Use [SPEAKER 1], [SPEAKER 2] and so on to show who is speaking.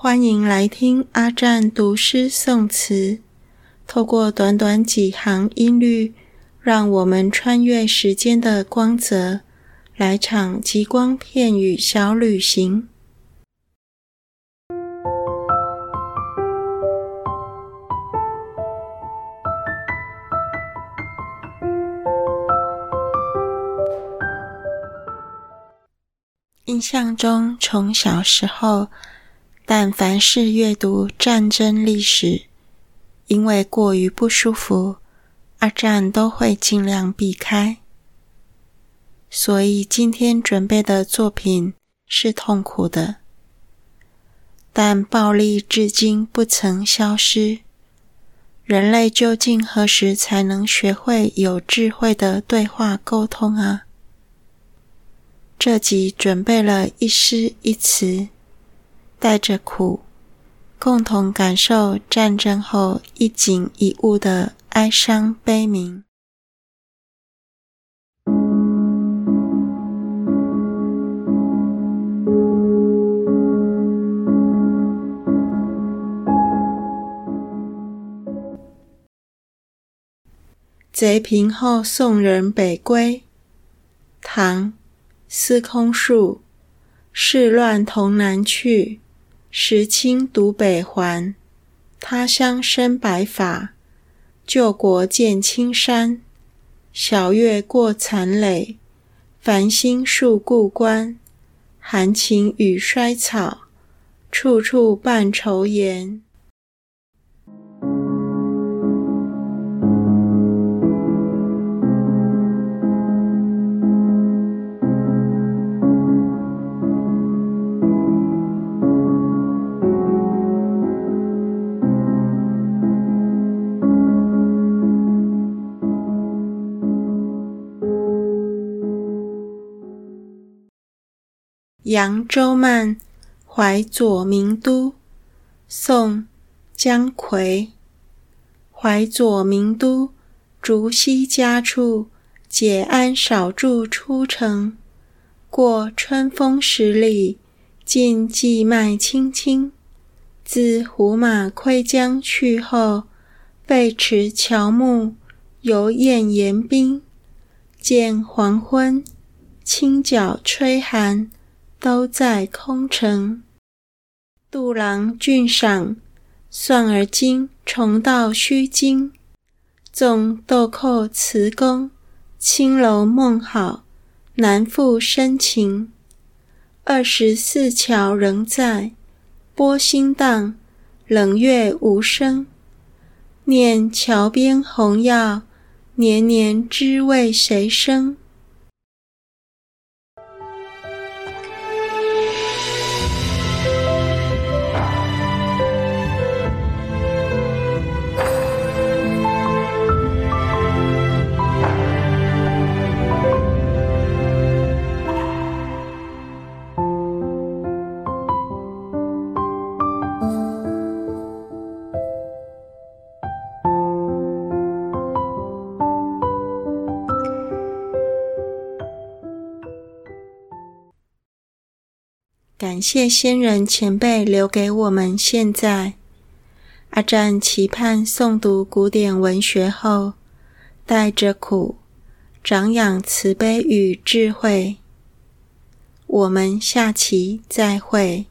[SPEAKER 1] 歡迎來聽阿占讀詩宋詞，透過短短幾行音律，讓我們穿越時間的光澤，來場極光片語小旅行。印象中，從小時候，但凡是閱讀戰爭歷史，因為過於不舒服，二戰都會盡量避開。所以今天準備的作品是痛苦的。但暴力至今不曾消失，人類究竟何時才能學會有智慧的對話溝通啊？這集準備了一詩一詞。帶着苦，共同感受戰爭後一景一物的哀傷悲鳴。賊平後，送人北歸。唐，司空曙，世亂同南去。時清獨北還，他鄉生白髮；舊國見青山，曉月過殘壘。繁星宿故關，寒禽與衰草，處處伴愁顏。《揚州慢·淮左名都》，宋·姜夔。淮左名都，竹西佳處，解鞍少駐初程。過春風十里，盡薺麥青青。自胡馬窺江去後，廢池喬木游艷嚴，猶厭言兵。漸黃昏，清角吹寒。都在空城。杜郎俊賞，算而今重到須驚。縱豆蔻詞工，青樓夢好，難賦深情。二十四橋仍在，波心蕩，冷月無聲。念橋邊紅藥，年年知為誰生？感謝先人前輩留給我們現在。阿占期盼誦讀古典文學後，帶着苦，長養慈悲與智慧。我們下期再會。